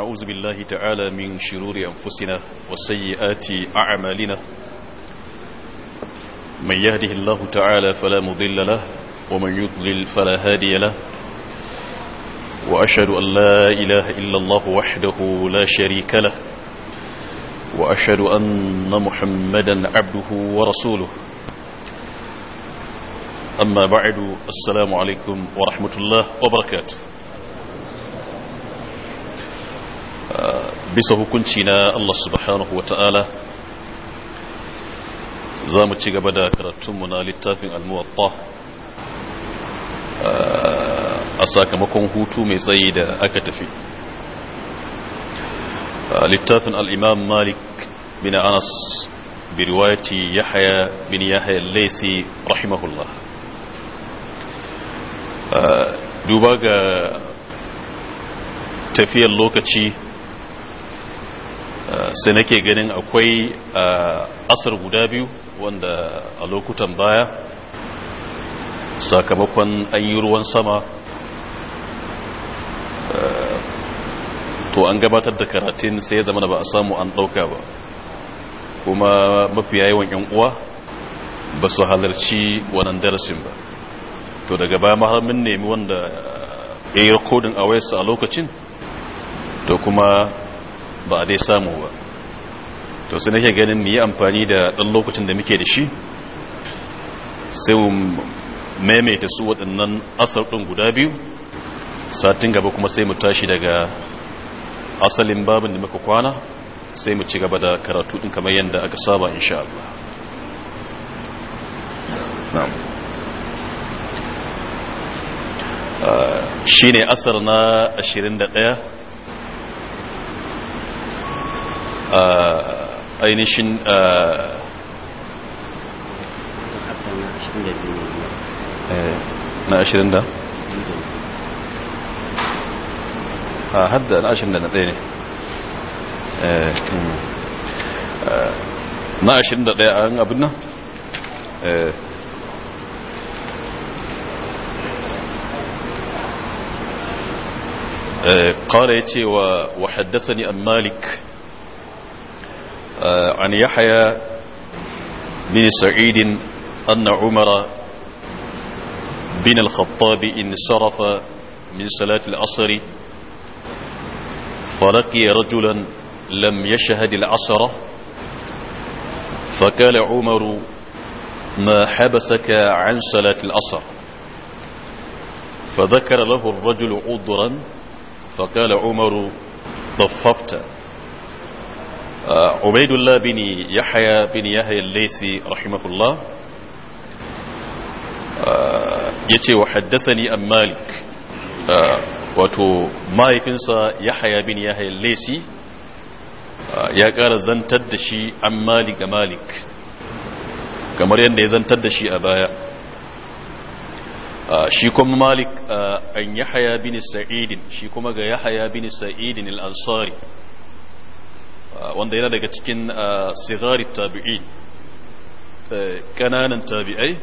أعوذ بالله تعالى من شرور أنفسنا وسيئات أعمالنا من يهده الله تعالى فلا مضل له ومن يضلل فلا هادي له وأشهد أن لا إله إلا الله وحده لا شريك له وأشهد أن محمدا عبده ورسوله أما بعد السلام عليكم ورحمة الله وبركاته bisa hukunci na Allah subhanahu wata'ala za mu ci gaba da karatunmu na littafin almuwatta eh, a sakamakon hutu mai tsayi da aka tafi eh, littafin al'imam malik bin anas birwati yahaya bin yahaya laisi rahimahullah eh, duba ga tafiyar lokaci sai nake ganin akwai asar guda biyu wanda a lokutan baya sakamakon an yi ruwan sama to an gabatar da karatun sai ya zama da ba a samu an ɗauka ba kuma mafi yawan 'yan uwa ba su halarci wannan darasin ba to daga baya mahalmin nemi wanda ya yi rikodin a wayarsa a lokacin to kuma ba a dai samu ba to sai nake ganin mu yi amfani da ɗan lokacin da muke da shi sai mu maimaita su waɗannan asar ɗin guda biyu satin gaba kuma sai mu tashi daga asalin babin da muka kwana sai mu ci gaba da karatu ɗin kamar yadda aka saba insha Allah ah, shi ne asar na 21 ainihin na ashirin da? a hadda na ashirin da na ɗaya ne na ashirin da ɗaya a hannun abin nan? قال يتي وحدثني عن مالك آه، عن يحيى بن سعيد أن عمر بن الخطاب انصرف من صلاة العصر فلقي رجلا لم يشهد العصر فقال عمر ما حبسك عن صلاة العصر فذكر له الرجل عذرا فقال عمر طففت ubaidullah bin yahya bin yahya al-laysi rahimahullah yace wa haddathani an malik wato mahaifinsa yahya bin yahya al ya kara zantar da shi an malik ga malik kamar yadda ya zantar da shi a baya shi kuma malik an yahya bin sa'idin shi kuma ga yahya bin sa'idin al-ansari wanda yana daga cikin sigari tabi'in ƙananan tabi'ai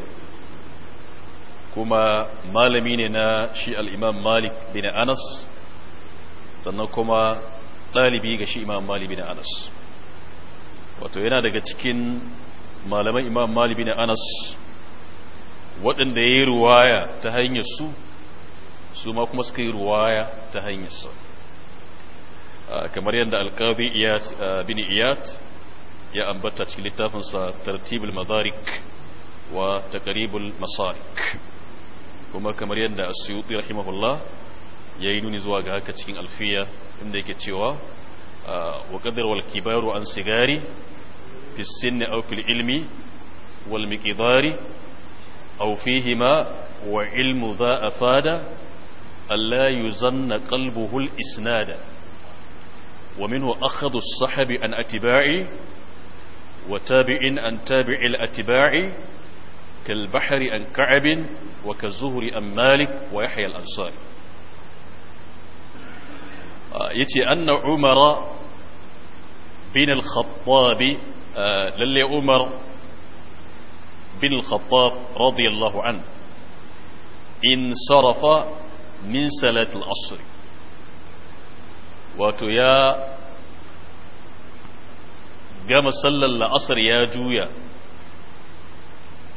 kuma malami ne na shi al'imam malik bin anas sannan kuma ɗalibi ga shi imam malik bin anas wato yana daga cikin malaman imam malik bin anas waɗanda ya yi ruwaya ta hanyar su su ma kuma suka yi ruwaya ta hanyarsa Ah, kamar yadda alkazi iyat ah, bin iyat ya ambata cikin littafinsa tartibul madarik wa taqribul masarik kuma kamar yadda asyuti rahimahullah yayi nuni zuwa ga haka cikin alfiya inda yake cewa ah, wa qadar wal kibaru an sigari fi sinni ilmi wal miqdari aw fihima wa ilmu dha afada alla yuzanna zanna al isnada ومنه أخذ الصحب عن أتباعي وتابع عن تابع الأتباع كالبحر عن كعب وكالزهر عن مالك ويحيى الأنصاري آه، يتي أن عمر بن الخطاب آه، للي عمر بن الخطاب رضي الله عنه انصرف من صلاة العصر wato ya gama sallar la'asar ya juya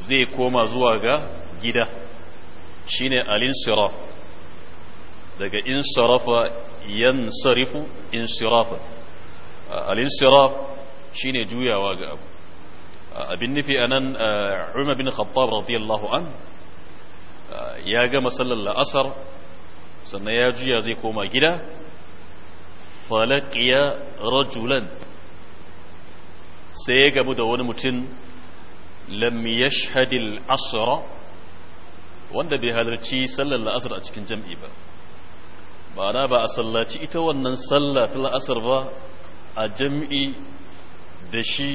zai koma zuwa ga gida shine al-insiraf daga insirafa yansarifu insirafa al-insiraf shine juyawa ga abu abin nufi anan Umar bin Khattab radiyallahu an ya gama sallar la'asar sannan ya juya zai koma gida falakiya rajulan sai ya gamu da wani mutum lam yashhadil asra wanda bai halarci sallar la'asar a cikin jam'i ba ma'ana ba a sallaci ita wannan sallah ta la'asar ba a jam'i da shi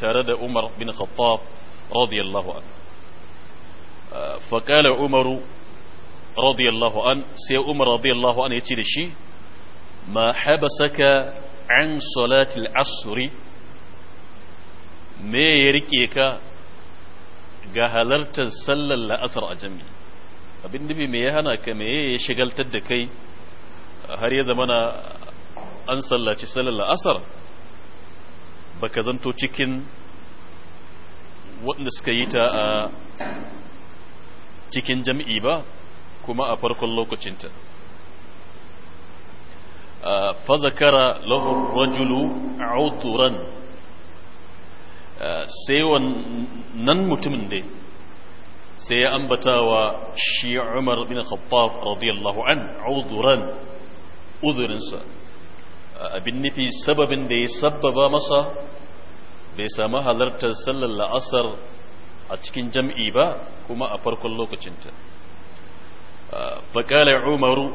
tare da umar bin khattab radiyallahu an faƙalar umaru radiyallahu an sai umar radiyallahu an ya ce da shi ma habasaka an salatil asuri me ya rike ka ga halartar sallar la'asar a jami abin dubi me ya hana ka me ya shigaltar da kai har ya zamana an sallaci sallar la'asar baka zanto cikin waɗanda suka yi ta a cikin jam'i ba kuma a farkon lokacinta fazakara lahur rajulu auturan sai wannan mutumin ne sai ya ambata wa shi umar bin khattab radiyallahu an auturan uzurinsa abin nufi sababin da ya sababa masa bai samu halartar sallar la'asar a cikin jam'i ba kuma a farkon lokacinta faƙalar umaru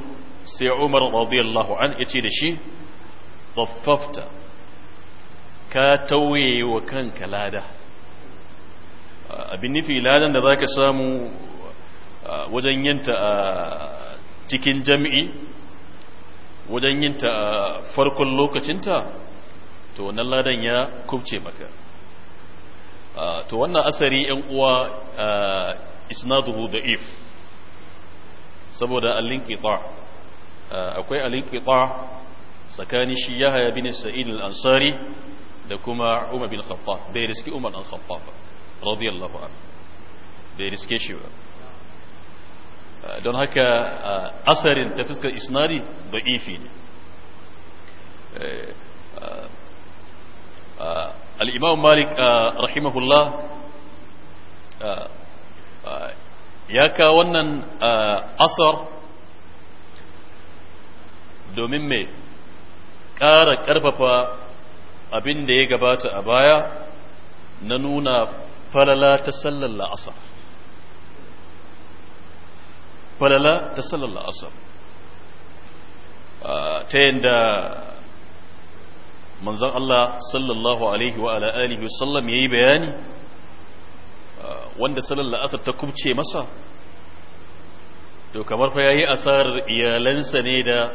sai umar radiyallahu an ya ce da shi tsaffafta ka tauye wa kanka lada abin nufi ladan da zaka samu wajen yinta a cikin jami'i wajen yinta a farkon lokacinta to wannan ladan ya kubce maka to wannan asari yan uwa isnaduhu da if saboda allin ƙitar akwai alinkita tsakanin shi ya haya bin sa'id al-ansari da kuma umar bin khattab bai riske umar bin khattab radiyallahu anhu bai riske shi ba don haka asarin ta fuskar isnari da ifi ne al-imam malik rahimahullah ya ka wannan asar domin mai ƙara ƙarfafa abin da ya gabata a baya na nuna falala ta sallar la'asar falala ta sallar la'asar ta yadda manzan Allah sallallahu alaihi wa alihi wasallam ya yi bayani wanda sallar la'asar ta kubce masa to kamar fa ya yi asarar iyalansa ne da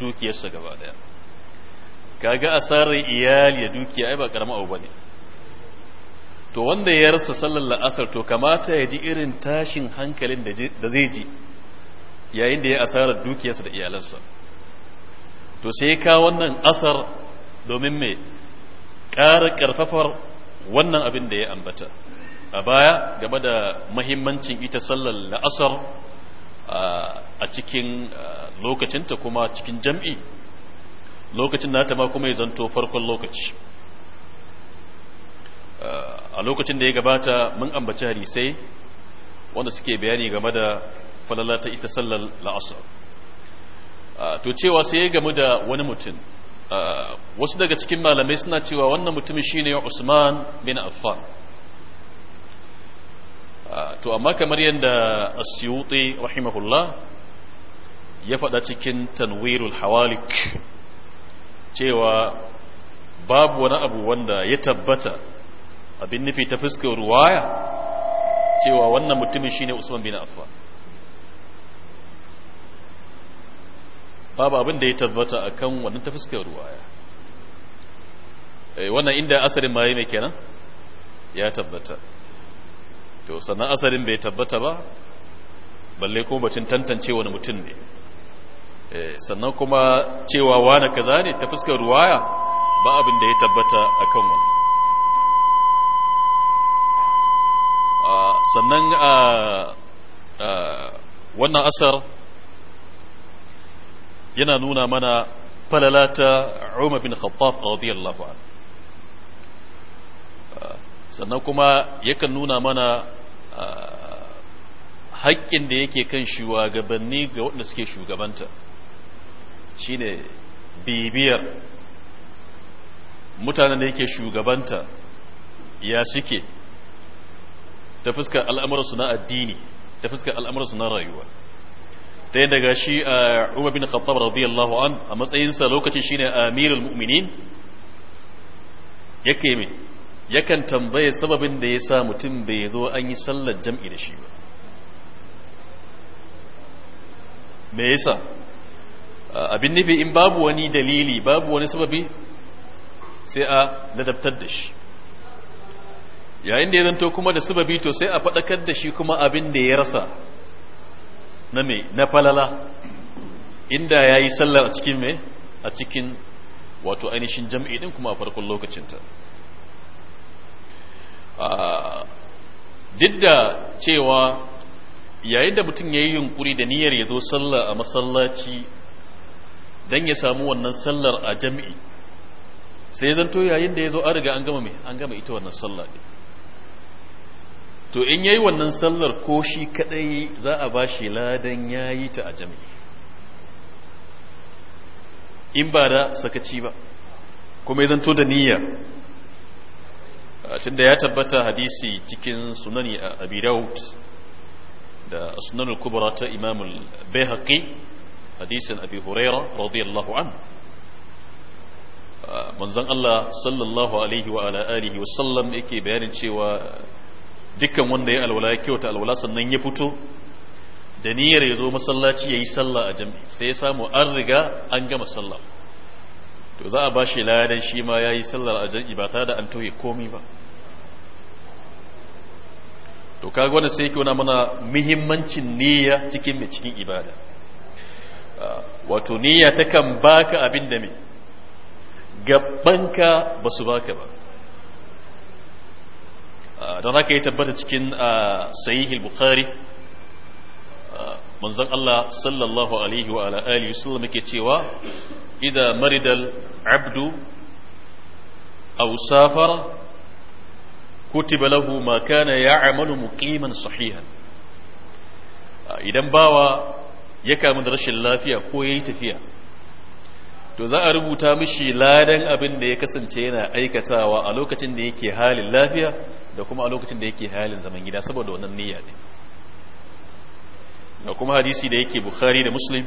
dukiyarsa gaba daya kaga asarar iyali ya dukiya ai ba karama abu bane to wanda ya rasa sallar la'asar to kamata ya ji irin tashin hankalin da zai ji yayin da ya asarar dukiyarsa da iyalansa to sai ka wannan asar domin mai ƙara ƙarfafar wannan abin da ya ambata a baya game da mahimmancin ita sallar la'asar a cikin eh, lokacinta kuma cikin jam'i lokacin nata ma kuma ya zanto farkon lokaci eh, a lokacin da ya gabata mun ambaci hadisai wanda suke bayani game da falala ta ita sallar la'asar eh, to cewa sai ya gamu da wani mutum wasu daga cikin malamai suna cewa wannan mutumin shine Usman bin Affan Ah, to amma kamar yadda asyuti rahimahullah ya faɗa cikin tanwirul hawalik cewa babu wani abu wanda ya tabbata abin nufi ta fuskar ruwaya cewa wannan mutumin shine usman bin affan babu abin da ya tabbata akan wannan ta fuskar ruwaya eh, wannan inda asarin maye mai kenan ya tabbata to sannan asalin bai tabbata ba balle kuma batun tantance wani mutum ne eh, sannan kuma cewa wane kaza ne ta fuskar ruwaya ba abin da ya tabbata akan wani ah, sannan ah, ah, wannan asar yana nuna mana falalata umar bin khattab radiyallahu anhu sannan kuma yakan nuna mana haƙƙin da yake kan shugabanni ga waɗanda suke shugabanta shine bibiyar mutanen da yake shugabanta ya suke ta fuskar al'amuransu na addini ta fuskar al'amuransu na rayuwa ta yin ga shi a umar bin khattab radiyallahu an a matsayinsa lokacin shine amirul mu'minin kai mai yakan tambaye sababin da ya sa mutum bai zo an yi sallar jam'i da shi ba me yasa abin nufi in babu wani dalili babu wani sababi sai a ladabtar da shi yayin da ya zanto kuma da sababi to sai a faɗakar da shi kuma abin da ya rasa na me na falala inda ya yi sallar a cikin me a cikin wato ainihin jam'i din kuma a farkon lokacinta Ah, duk da cewa yayin da mutum ya yi yunkuri da niyyar ya zo sallah a masallaci don ya samu wannan sallar a jami'i sai zanto yayin da ya zo an riga an gama an gama ita wannan sallah ne to in ya yi wannan sallar ko shi kadai za a ba shi ladan yi ta a jami'i in ba da sakaci ba kuma ya zanto da niyyar Uh, tunda ya tabbata hadisi cikin sunani a uh, abi daud da sunan al-kubra ta imam al hadisin abi huraira radiyallahu an uh, manzon Allah sallallahu alaihi wa ala alihi wa sallam yake bayanin cewa dukkan wanda ya alwala ya kyauta alwala sannan ya fito da niyyar ya zo masallaci yayi sallah a jami'i sai ya samu an riga an gama sallah to za a ba shi ladan shi ma ya yi sallar ajan'i ba tare da an tauye komi ba to kaga wanda sai yake wani mana muhimmancin niyya cikin mai cikin ibada ah, wato niyya ta kan baka abin da mai gabanka ba su baka ba ah, don haka yi tabbata cikin ah, sahihil bukhari manzon Allah sallallahu alaihi wa ala alihi yake cewa idza maridal abdu aw safara kutiba makana ma kana ya'malu muqiman sahihan idan bawa ya kamu da rashin lafiya ko yayi tafiya to za a rubuta mishi ladan abin da ya kasance yana aikatawa a lokacin da yake halin lafiya da kuma a lokacin da yake halin zaman gida saboda wannan niyya ne da kuma hadisi da yake bukhari da muslim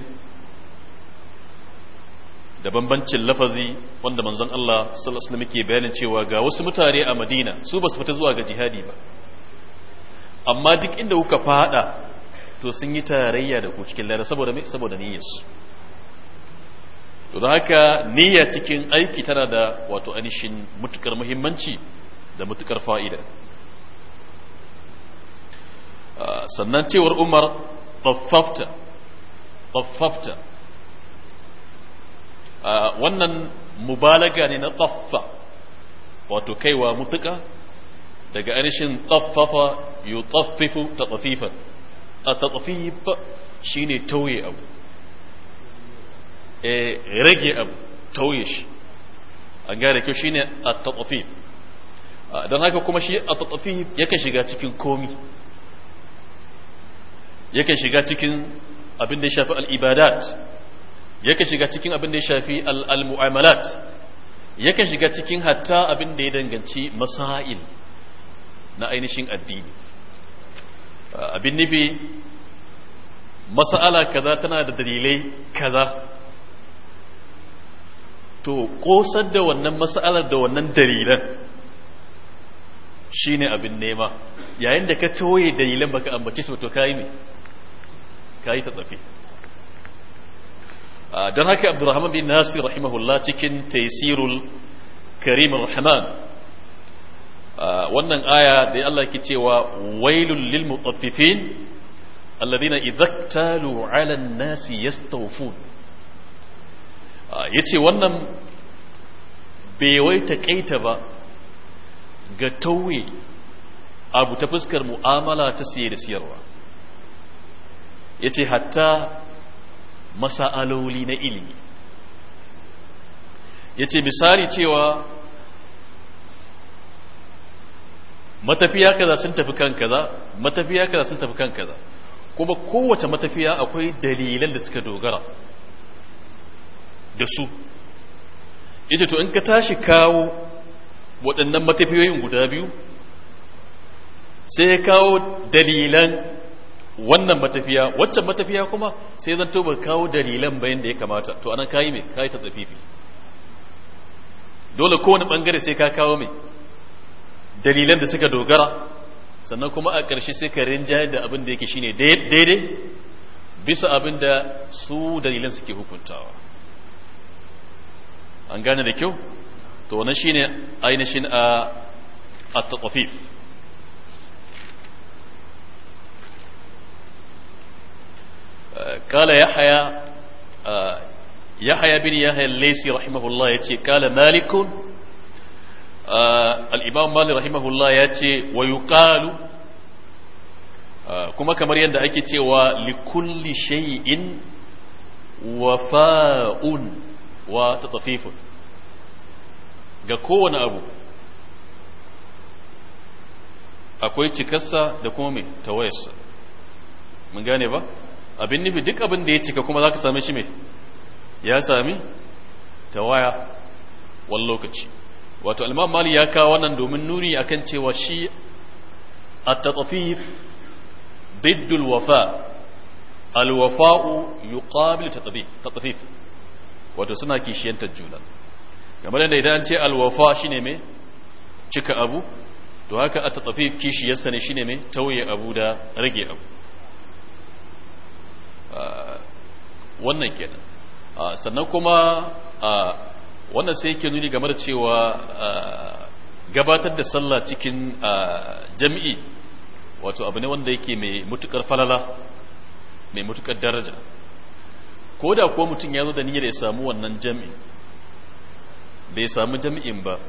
da bambancin lafazi wanda manzon Allah sallallahu alaihi wasallam bayanin cewa ga wasu mutane a Madina su basu fita zuwa ga jihadi ba amma duk inda kuka fada to sun yi tarayya da ku cikin lada saboda me saboda niyyarsu to da haka niyya cikin aiki tana da wato anishin mutukar muhimmanci da mutukar fa'ida ah, sannan cewar Umar tafafta tafafta Ah, wannan mubalaga ne na tsaffa wato kaiwa mutuka daga anishin tsaffafa yi tsaffifu ta tsafifan a ta tsaffifa shi ne tauye abu eh, rage abu tauye shi an gane kyau shi ne a tsaffif ah, don haka kuma shi a tsaffif yakan shiga cikin komi yakan shiga cikin abin da ya shafi al'ibadat yakan shiga cikin abin da ya shafi al-mu'amalat yakan shiga cikin hatta abin da ya danganci masail na ainihin addini ah, abin nufi masala kaza tana da dalilai kaza to kosar da wannan masalar da wannan dalilan shine abin nema yayin da ka toye dalilan baka ambace su to kayi ne kayi ta tsafi Ah, don haka abdurrahman bin nasir rahimahullah cikin taisirul karim rahman ah, wannan aya da Allah ke cewa wailul lil mutaffifin alladhina idza talu ala an-nasi yastawfun ah, yace wannan bai wai takaita ba ga tauye abu ta fuskar mu'amala ta siye da siyarwa yace hatta masa'aloli na ilimi ya ce misali cewa matafiya kaza sun tafi kan kaza matafiya kaza sun tafi kan kaza kuma kowace matafiya akwai dalilan da suka dogara da su yace to in ka tashi kawo waɗannan matafiyoyin guda biyu sai ya kawo dalilan wannan matafiya waccan matafiya kuma sai zan ba kawo dalilan bayan da ya kamata to anan kayi me kayi ta tsafifi dole kowane bangare sai ka kawo me dalilan da suka dogara sannan kuma a ƙarshe sai ka rinjaye da abin da yake shine daidai bisa abin da su dalilan suke hukuntawa an gane da kyau to wannan shine ainihin a ah, at-tafif قال يحيى آه، يحيى بن يحيى الليسي رحمه الله يأتي قال مالك آه، الإمام مالك رحمه الله يأتي ويقال آه، كما كما يندى أكي ولكل شيء وفاء وتطفيف ga أبو abu كسا دكومي تويس من جانبه abin nufi duk abin da ya cika kuma za ka sami shi mai ya sami tawaya wani lokaci wato alman mali ya kawo wannan domin nuni akan cewa shi a tatsafif biddul wafa alwafa'u yuqabil tatsafif wato suna kishiyantar juna game da idan ce alwafa ne mai cika abu to haka a tatsafif kishiyarsa ne shine mai tauye abu da rage abu wannan kenan ah, sannan kuma ah, wannan sai yake nuni game da cewa ah, gabatar da sallah cikin jami'i wato abu ne wanda yake mai mutukar falala mai mutukar daraja ko da kuwa mutum ya zo da niyyar ya samu wannan jami'i bai samu jami'in ba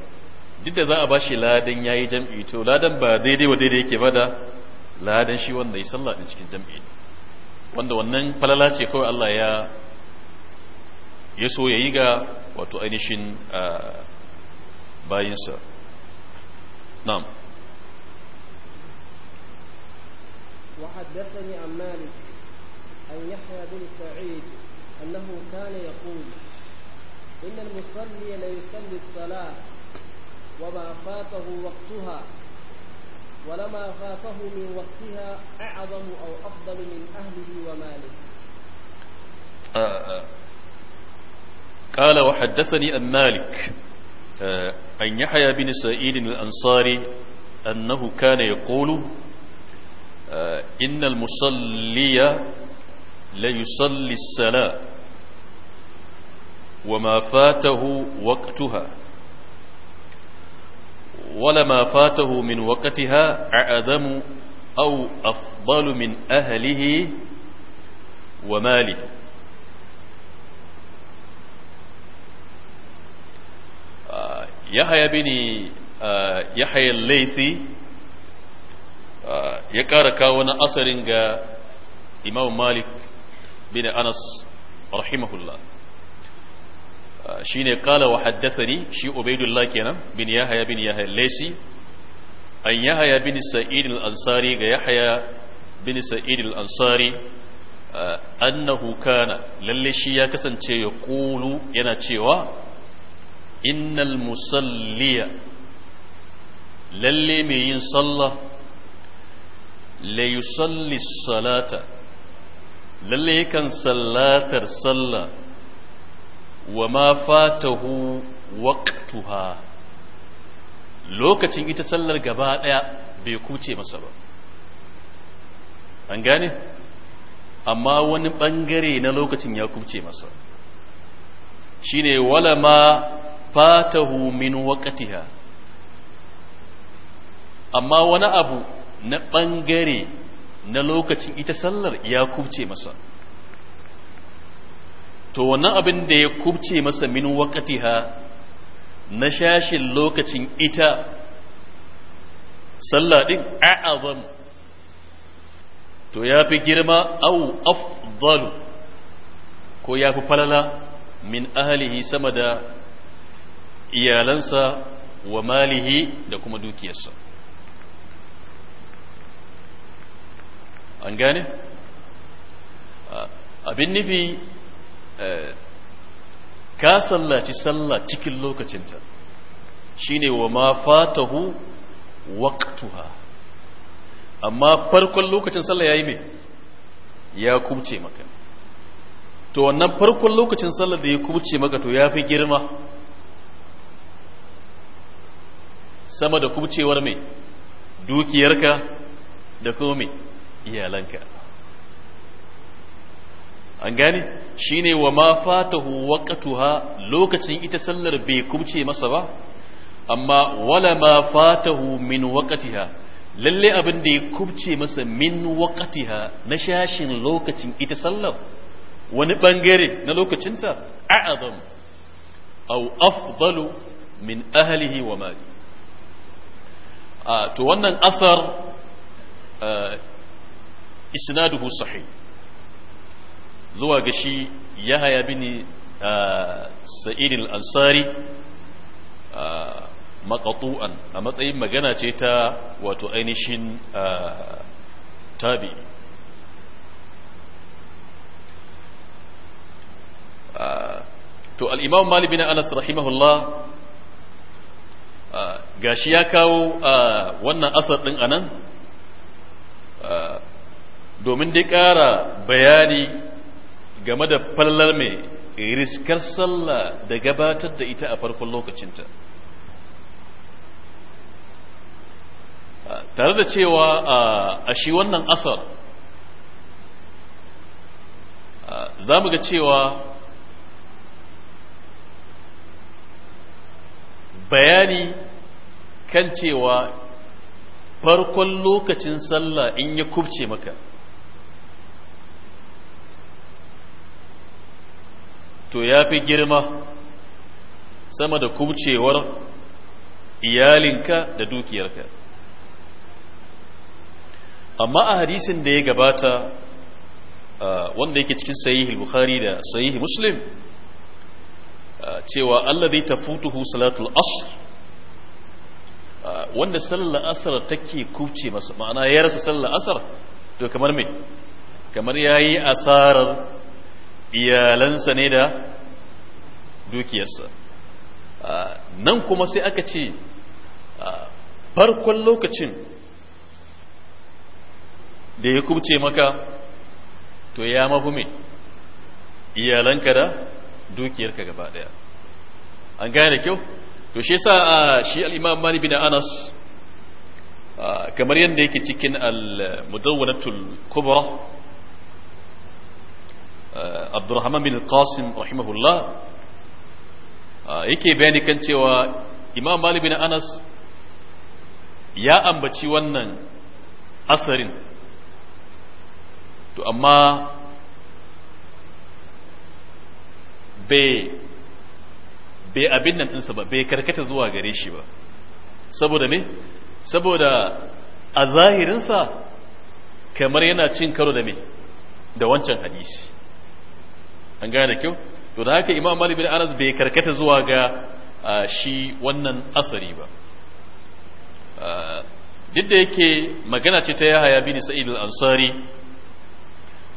duk da za a bashi ladan yayi yi jami'i to ladan ba daidai wa daidai yake ba da ladan shi wanda ya sallah din cikin jami'i wanda wannan falala ce kawai Allah ya ya so ya yi ga wato ainihin bayinsa na'am وحدثني عن مالك عن يحيى بن سعيد أنه كان يقول إن المصلي ليصلي الصلاة وما فاته وقتها ولما فاته من وقتها أعظم أو أفضل من أهله وماله آه آه. قال وحدثني أن مالك آه أن يحيى بن سعيد الأنصاري أنه كان يقول آه، إن المصلي ليصلي الصلاة وما فاته وقتها ولما فاته من وقتها أعظم أو أفضل من أهله وماله آه، يحيى بن آه، يحيى الليثي ya ƙara kawo إمام مالك بن أنس رحمه الله ne ƙala wa haddathani shi ubaidullah kenan bin yahya bin yahya laysi an yahya bin sa'id al-ansari ga yahaya bin sa'id al-ansari uh, annahu kana lalle shi ya kasance ya kulu yana cewa innal musalliya lalle mai yin sallah la yusalli salata lalle yakan sallatar sallah wa ma fatahu waqtuha lokacin ita sallar gaba daya bai kuce masa ba an gane amma wani bangare na lokacin ya kuce masa shine wala ma fatahu min waqtiha amma wani abu na bangare na lokacin ita sallar ya kuce masa to wannan abin da ya kubce masa min waqtiha na shashin lokacin ita sallah din a'azam to ya fi girma au afdalu ko ya fi falala min ahalihi sama da iyalansa wa malihi da kuma dukiyarsa an gane abin nufi Eh, ka sallaci sallah cikin lokacinta shine wa ma fatahu waqtaha amma farkon lokacin sallah yayi me ya kubce maka to wannan farkon lokacin sallah da ya kubce maka to yafi girma sama da kubcewar me dukiyarka da kuma me iyalanka an gane shine wa ma fatahu waqtuha lokacin ita sallar bai kubce masa ba amma wala ma fatahu min waqtiha lalle abin da ya kubce masa min waqtiha na shashin lokacin ita sallar wani bangare na lokacinta a'zam au afdalu min ahlihi wa mali to wannan asar eh, isnaduhu sahih zuwa ga shi yahaya bini a ah, al-ansari ah, maqtu'an a matsayin magana ce ta wato ainihin ah, tabi to alimam malami na anas rahimahullah gashi ya kawo wannan asar ɗin anan domin dai ƙara bayani game da fallar mai riskar sallah da gabatar da ita a farkon lokacinta ah, tare da cewa ah, a shi wannan asar ah, za mu ga cewa bayani kan cewa farkon lokacin sallah in ya kubce maka to ya fi girma sama da kubcewar iyalinka da dukiyarka amma a hadisin da ya gabata wanda yake cikin sahihi bukhari da sahihi muslim cewa Allah zai tafutuhu salatul asr wanda sallar asar take kuce masa ma'ana ya rasa sallar asar to kamar me kamar yayi asarar iyalansa ne da dukiyarsa nan kuma sai aka ce farkon lokacin da ya kubce maka to ya mafi iyalanka da dukiyarka gaba daya an gane da kyau to shi sa shi al'imam mani bin anas kamar yadda yake cikin al-mudawwanatul kubra Uh, abdurrahman bin qasim rahimahullah uh, yake bayani kan cewa imam malik bin anas ya ambaci wannan asarin to amma bai abin nan ɗinsa ba bai karkata zuwa gare shi ba saboda me saboda a zahirinsa kamar yana cin karo da me da wancan hadisi an gane kyau to da haka imam malik bin anas bai karkata zuwa ga shi wannan asari ba duk da yake magana ce ta yahaya bin sa'id al-ansari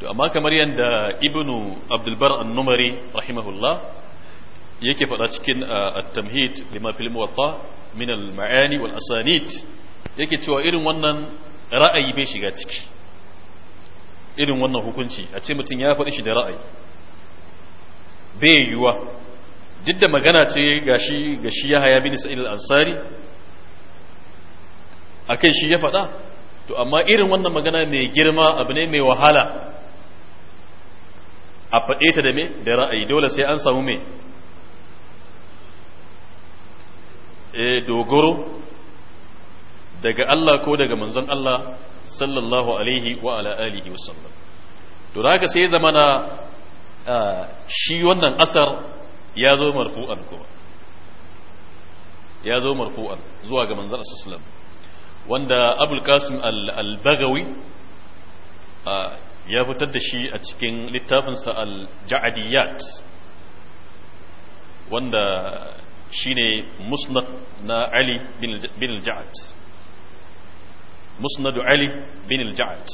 to amma kamar yadda ibnu abdulbar an-numari rahimahullah yake faɗa cikin at-tamhid lima fil muwatta min al-ma'ani wal asanid yake cewa irin wannan ra'ayi bai shiga ciki irin wannan hukunci a ce mutum ya faɗi shi da ra'ayi bai yiwuwa duk da magana ce gashi shi ya haya bin sa'id al-ansari akai shi ya faɗa to amma irin wannan magana mai girma abu ne mai wahala a faɗe ta da me da ra'ayi dole sai an samu me e dogoro daga Allah ko daga manzon Allah sallallahu alaihi wa ala alihi wasallam to da haka sai zamana shi wannan asar ya zo marfu'an kuma ya zo marfu'an zuwa ga manzon sallallahu wanda abul qasim al-bagawi ya fitar da shi a cikin littafinsa al-ja'adiyat wanda shine musnad na ali bin al-ja'ad musnad ali bin al-ja'ad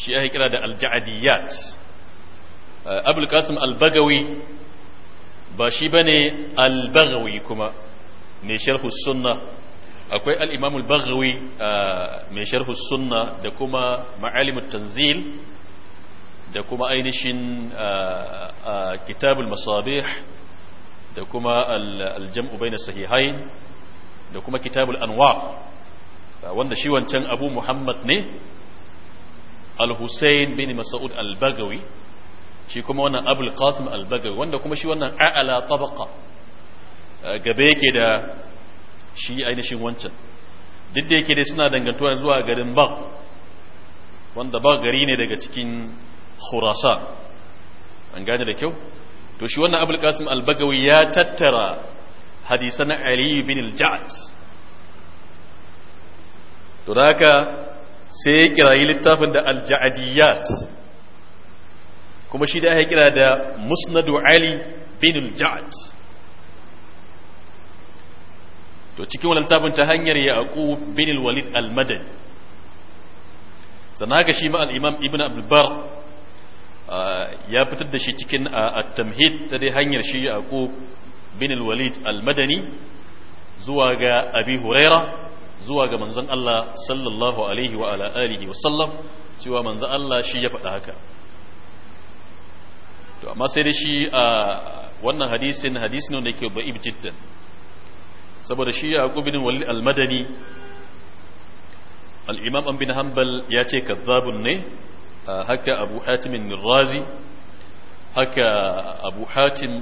shi ya kira da al-ja'adiyat Eh, Abulkasim AlBagawi al-bagawi ba shi bane al-baghawi kuma mai sharhu sunna akwai al-imam al-baghawi eh, mai sharhu sunna da kuma ma'alim tanzil da kuma ainihin eh, kitab masabih da kuma al-jam'u bayna sahihain da kuma Kitabul anwa wanda shi wancan abu muhammad ne al-husayn bin mas'ud al-bagawi shi kuma wannan abul qasim al-bagawi wanda kuma shi wannan a'ala tabaqa gaba yake da shi ainihin wancan duk da yake dai suna dangantuwa zuwa garin bag wanda bag gari ne daga cikin khurasan an gane da kyau to shi wannan abul qasim al-bagawi ya tattara hadisan ali bin al-ja'd to da haka sai ya kirayi littafin da al-ja'diyat kuma shi da aka kira da musnadu ali bin al-ja'd to cikin wannan tabin ta hanyar yaqub bin al-walid al-madani sannan ga shi ma al-imam ibn abdul bar ya fitar da shi cikin at-tamhid ta dai hanyar shi yaqub bin al-walid al-madani zuwa ga abi huraira zuwa ga manzon Allah sallallahu alaihi wa ala alihi wa sallam cewa manzon Allah shi ya faɗa haka to amma sai da shi a wannan hadisin hadisi ne da yake ba'ib jiddan saboda shi ya bin walid almadani imam an bin hanbal ya ce kazzabun ne haka abu hatim al-razi haka abu hatim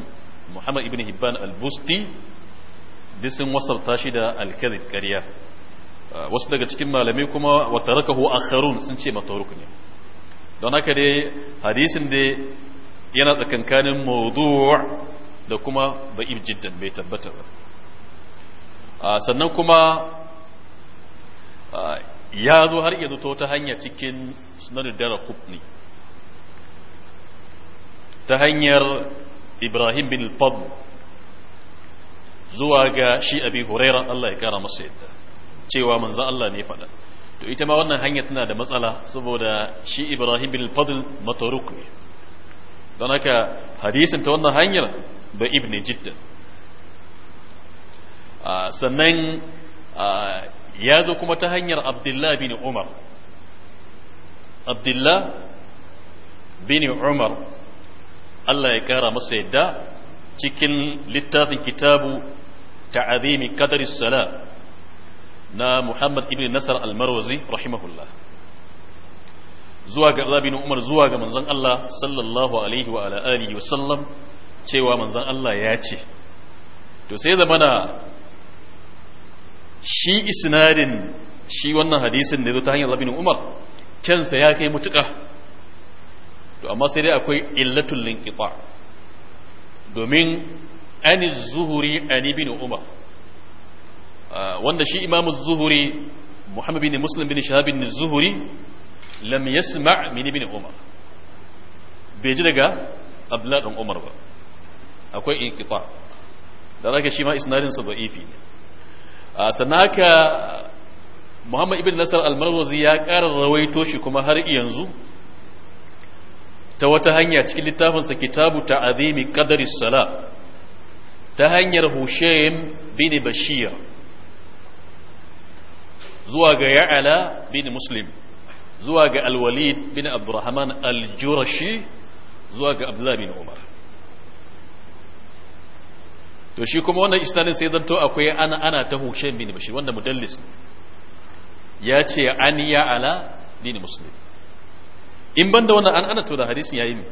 muhammad ibn hibban al-busti disin sun wasarta shi da al-kadhib wasu daga cikin malamai kuma ho a akharun sun ce mataruk ne don haka dai hadisin dai yana tsakankanin mawdu' da kuma da'if jiddan bai tabbata ba sannan kuma ya zo har iya zuto ta hanya cikin sunan dara ta hanyar ibrahim bin fadl zuwa ga shi abi huraira Allah ya kara masa yadda cewa manzan Allah ne faɗa to ita ma wannan hanya tana da matsala saboda shi ibrahim bin fadl mataruk ne don haka hadisin ta wannan hanyar da ibn jiddan sannan ya zo kuma ta hanyar abdullah bin umar abdullah bin umar Allah ya kara masa yadda cikin littafin kitabu ta'azimi qadri sala na Muhammad ibn Nasar al-Marwazi rahimahullah zuwa ga Abdullah Umar zuwa ga manzon Allah sallallahu alaihi wa ala alihi wa sallam cewa manzon Allah ya ce to sai zamana shi isnadin shi wannan hadisin da zo ta hanyar Abdullah Umar kansa ya kai mutuka to amma sai dai akwai illatul linqita domin ani zuhuri ani bin Umar ah, wanda shi imamu zuhuri Muhammad bin Muslim bin Shahab bin Zuhuri lam yasma' min ibn umar bai ji daga abdullahi dan umar ba akwai inqita da zaka shi ma isnadin sa da'ifi ne sanaka muhammad ibn nasar al-marwazi ya ƙara rawaito shi kuma har yanzu ta wata hanya cikin littafinsa kitabu ta'azimi qadari sala ta hanyar hushaym bin bashir zuwa ga ya'ala bin muslim zuwa ga alwalid bin abdurrahman aljurashi zuwa ga abdullahi bin umar to shi kuma wannan isnadin sai zanto akwai ana ana ta hushen bin bashir wanda mudallis ya ce an ya ala bin muslim in banda wannan an ana to da hadisin yayi ne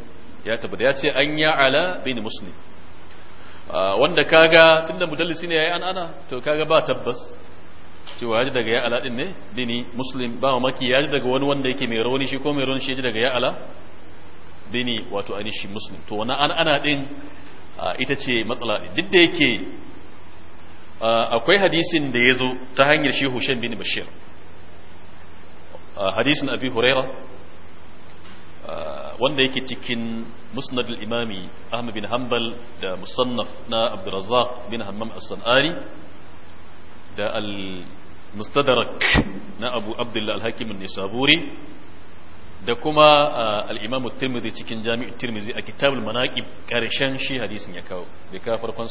ya tabbata ya ce an ya ala bin muslim ah, wanda kaga tunda mudallisi ne yayi an ana to kaga ba tabbas cewa ya ji daga ya ala din ne bini muslim ba maki ya ji daga wani wanda yake mai rauni shi ko mai rauni shi ya ji daga ya ala bini wato ainihi muslim to wani an ana din ita ce matsala duk da yake akwai hadisin da ya zo ta hanyar shi hushen bin bashir hadisin abi huraira wanda yake cikin musnad al-imami ahmad bin hanbal da musannaf na abdurrazzaq bin hammam as-sanari da al Mustadarak na abu abdullah al-hakim da kuma al-imam tirmidhi cikin jami'in tirmidhi a kitabul manaqib ƙarshen shi hadisin ya kawo bai ka farkon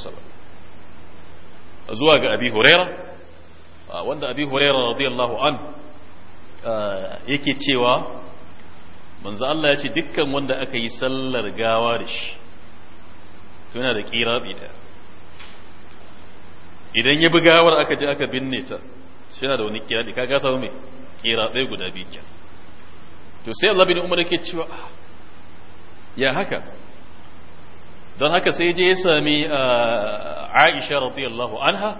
ba zuwa ga abi huraira wanda abi huraira radiyallahu an yake cewa manzo Allah ya ce dukkan wanda aka yi sallar gawa da shi suna da kirabi ɗaya idan ya bi gawar aka je aka binne ta yana da wani kiraɗi ka gasa mai kiraɗai guda biyu ke to sai Allah bin Umar yake cewa ah, ya haka don haka sai je ya sami ah, Aisha radiyallahu anha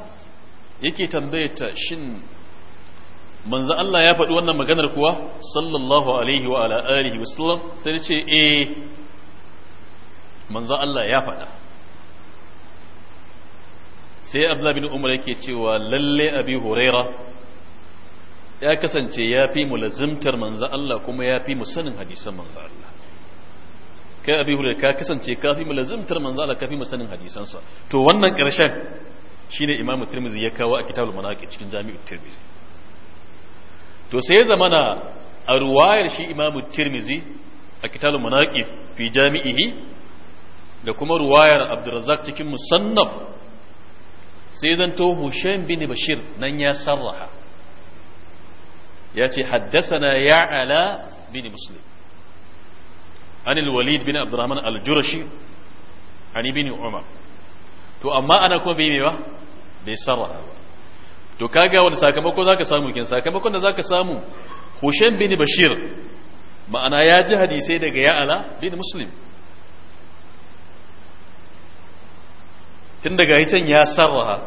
yake tambaye ta shin manzo Allah ya faɗi wannan maganar kuwa sallallahu alaihi wa ala alihi sallam sai ce eh manzo Allah ya faɗa sai abdullah bin umar yake cewa lalle abi huraira ya kasance ya fi mu lazimtar manzo Allah kuma ya fi mu sanin hadisan manzo Allah kai abi huraira ka kasance ka fi mu lazimtar manzo Allah ka fi mu sanin hadisansa to wannan karshen shine imamu tirmidhi ya kawo a kitabul manaqib cikin jami'ut tirmidhi to sai zamana a ruwayar shi imamu tirmizi a kitalun manaki fi jami'ihi da kuma ruwayar abdurrazak cikin musannaf sai zan to Hushen bin bashir nan ya sarraha ya ce haddasana ala bin muslim an al-walid bin abdurrahman al-jurashi an bin umar to amma ana kuma bai ba bai sarraha ba to kaga wani sakamako zaka samu kin sakamakon da zaka samu Hushen bin bashir ma'ana ya ji hadisai daga ya ala bin muslim tun daga can ya sarraha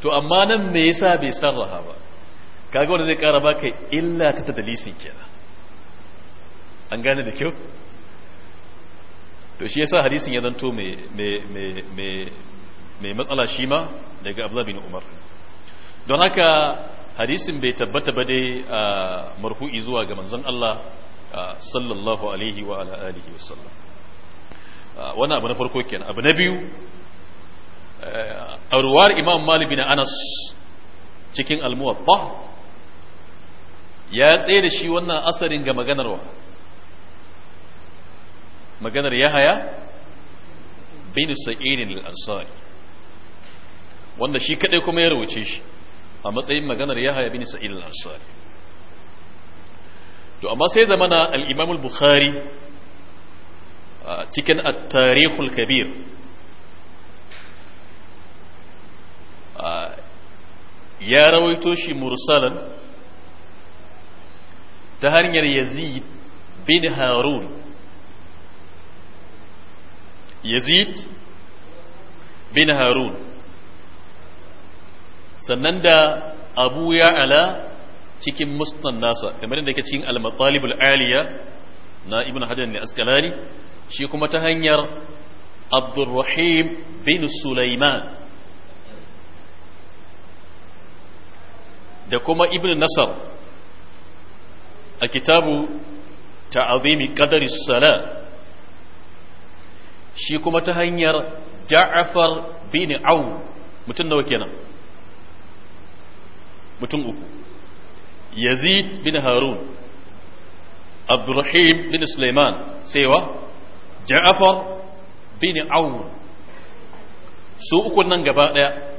to amma nan me yasa bai sarraha ba kaga wanda zai kara baka illa ta dalisin kenan an gane da kyau to shi yasa hadisin ya zanto mai mai mai matsala shi ma daga Abdullah bin Umar don haka hadisin bai tabbata ba dai a marfu'i zuwa ga manzon Allah sallallahu alaihi wa ala alihi wasallam Wannan abu na farko kenan abu na biyu Eh, a ruwar imam malik bin anas cikin almuwaffa ya tsaye da shi wannan asarin ga maganarwa maganar yahaya bin sa'idin al wanda shi kadai kuma ya rubuce shi a matsayin maganar yahaya bin sa'idin al to amma sai zamana al-imam bukhari ah, cikin at-tarikhul kabir ya rawaito shi mursalan ta hanyar yazid bin harun yazid bin harun sannan da abu ya ala cikin mustan nasa kamar yadda ke cikin al-matalibul aliya na ibn hajar ne askalani shi kuma ta hanyar abdurrahim bin sulaiman da kuma ibn nasar a kitabu ta'azimi kadari sala shi kuma ta hanyar ja'afar bin au mutum nawa kenan mutum uku yazid bin harun abdurrahim bin suleiman saiwa ja'afar bin au su uku nan gaba daya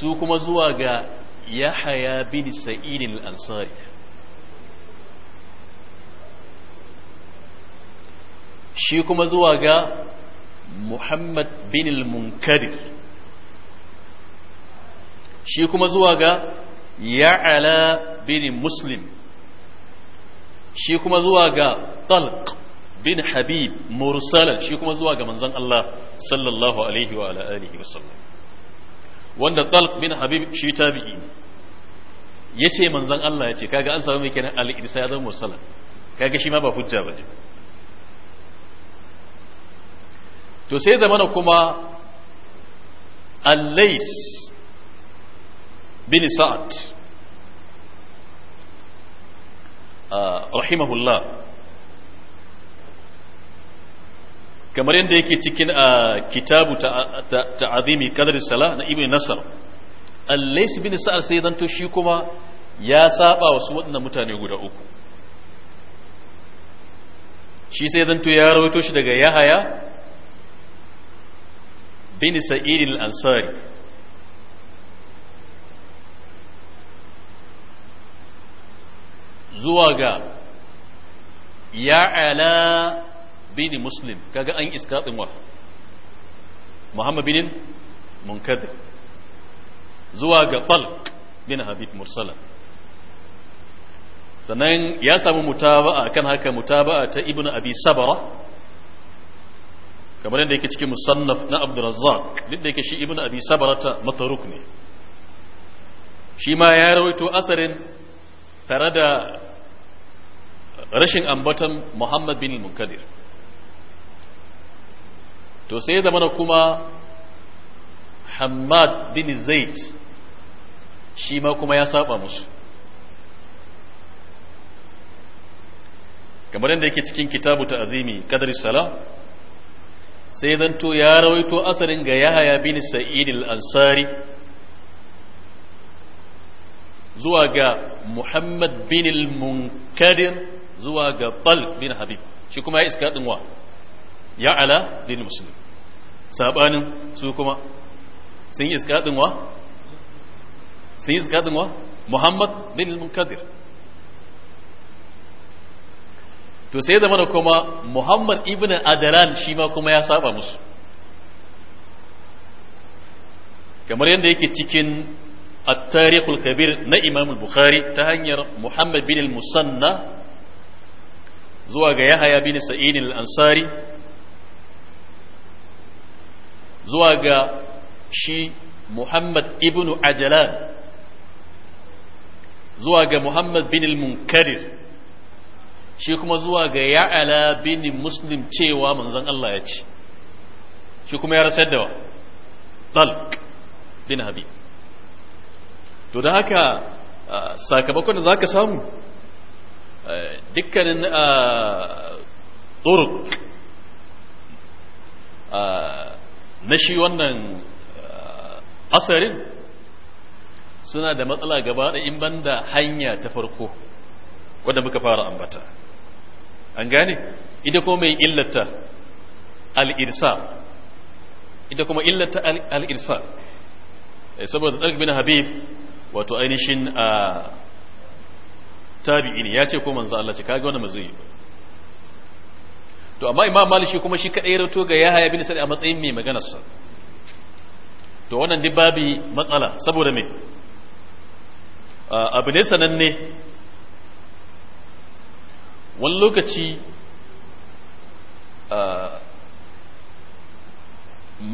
su kuma zuwa ga ya haya bin sa'idin al-ansari shi kuma zuwa ga muhammad bin al-munkadir shi kuma zuwa ga ya ya'ala bin muslim shi kuma zuwa ga talq bin habib mursalan shi kuma zuwa ga manzon Allah sallallahu alaihi wa alihi wasallam wanda talq bin habib shi tabi'i ya ce manzan Allah ya ce kaga an samu mai kenan al-irsa ya zama musallan kaga shi ma ba hujja ba ne to sai zamana kuma allais bin sa'ad ah, rahimahullah kamar yadda yake cikin a kitabu ta'azimi kadar sala na ibn nasar allais bin sa'ar sai zanto shi kuma ya saba wasu waɗannan mutane guda uku shi sai zanto ya rawaito shi daga yahaya bin sa'id al-ansari zuwa ga ya'ala bin muslim kaga an iskatin wa muhammad bin munkadir zuwa ga talq bin habib mursala sannan ya samu mutaba'a kan haka mutaba'a ta ibnu abi sabara kamar yadda yake cikin musannaf na abdurrazzaq duk da yake shi ibnu abi sabarata mataruk ne shi ma ya rawaito asarin tare da rashin ambatan muhammad bin munkadir to sai da mana kuma hamad bin zaid shi ma kuma ya saba musu kamar yadda yake cikin kitabu ta azimi kadar salam sai zanto ya rawaito asalin ga yahaya bin sa'id al-ansari zuwa ga muhammad bin al-munkadir zuwa ga Bal bin habib shi kuma ya iska wa ya ala din muslim sabanin su kuma sun yi iskadin wa sun yi iskadin wa muhammad bin munkadir to sai da da kuma muhammad ibn Adalan shi ma kuma ya saba musu kamar yadda yake cikin التاريخ الكبير نا إمام البخاري تهنير محمد بن المسنى زواج يحيى بن سعيد الأنصاري zuwa ga shi Muhammad ibn Ajalan zuwa ga Muhammad bin al-Munkarir shi kuma zuwa ga Ya'ala bin Muslim cewa manzon Allah ya ce shi kuma ya rasar da Talq bin Habib to da haka sakamakon da zaka samu dukkanin turuk na shi wannan uh, asarin suna da matsala gaba da in banda hanya ta farko wadda muka fara ambata an gane ita kuma mai illata al'irsa ita kuma illata al'irsa eh, saboda ɗan bin habib wato ainihin a uh, tabi'ini ya ce ko manzo Allah ce kaga wani mazuyi to amma imam malik shi kuma shi kadai ya rato ga yahaya bin sa'id a matsayin mai maganar sa to wannan duk babi matsala saboda me abu ne sananne wani lokaci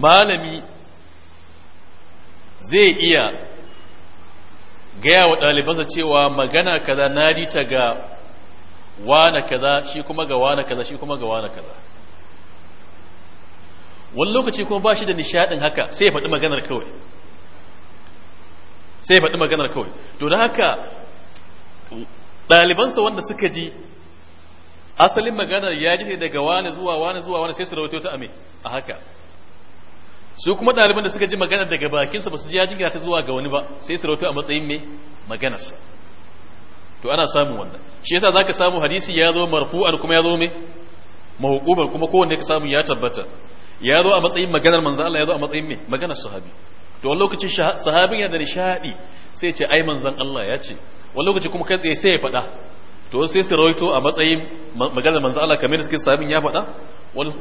malami zai iya gaya wa ɗalibansa cewa magana kaza na rita ga wane kaza shi kuma ga wane kaza shi kuma ga wane kaza wani lokaci kuma ba shi da nishadin haka sai ya faɗi maganar kawai sai ya faɗi maganar kawai to da haka ɗalibansa wanda suka ji asalin maganar ya ji sai daga wane zuwa wane zuwa wane sai su rawaito ta ame a haka su kuma ɗaliban da suka ji maganar daga bakinsa ba su ji ya jingina ta zuwa ga wani ba sai su rawaito a matsayin me maganarsa to ana samun wannan shi yasa zaka samu hadisi ya zo marfu'an kuma ya zo me mahquban kuma kowanne ka samu ya tabbata ya zo a matsayin maganar manzo Allah ya zo a matsayin me maganar sahabi to wani lokacin sahabin yana da nishadi sai ya ce ai manzon Allah ya ce wani lokaci kuma kai tsaye sai ya faɗa to sai su rawaito a matsayin maganar manzo Allah kamar da suke sahabin ya faɗa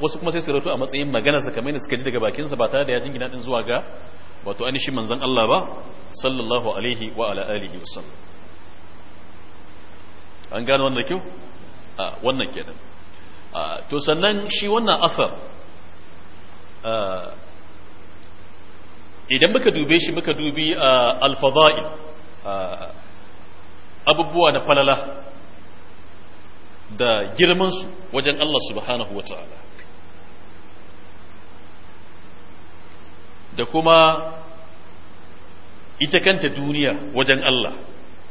wasu kuma sai su rawaito a matsayin maganarsa kamar da suka ji daga bakinsa ba tare da ya jingina din zuwa ga wato ainihin manzon Allah ba sallallahu alaihi wa ala alihi wa sallam an gano wannan kyau a wannan kenan to sannan shi wannan asar idan muka dube shi muka dubi alfaza'il abubuwa na falala da girmansu wajen Allah subhanahu wa ta'ala da kuma ita kanta duniya wajen Allah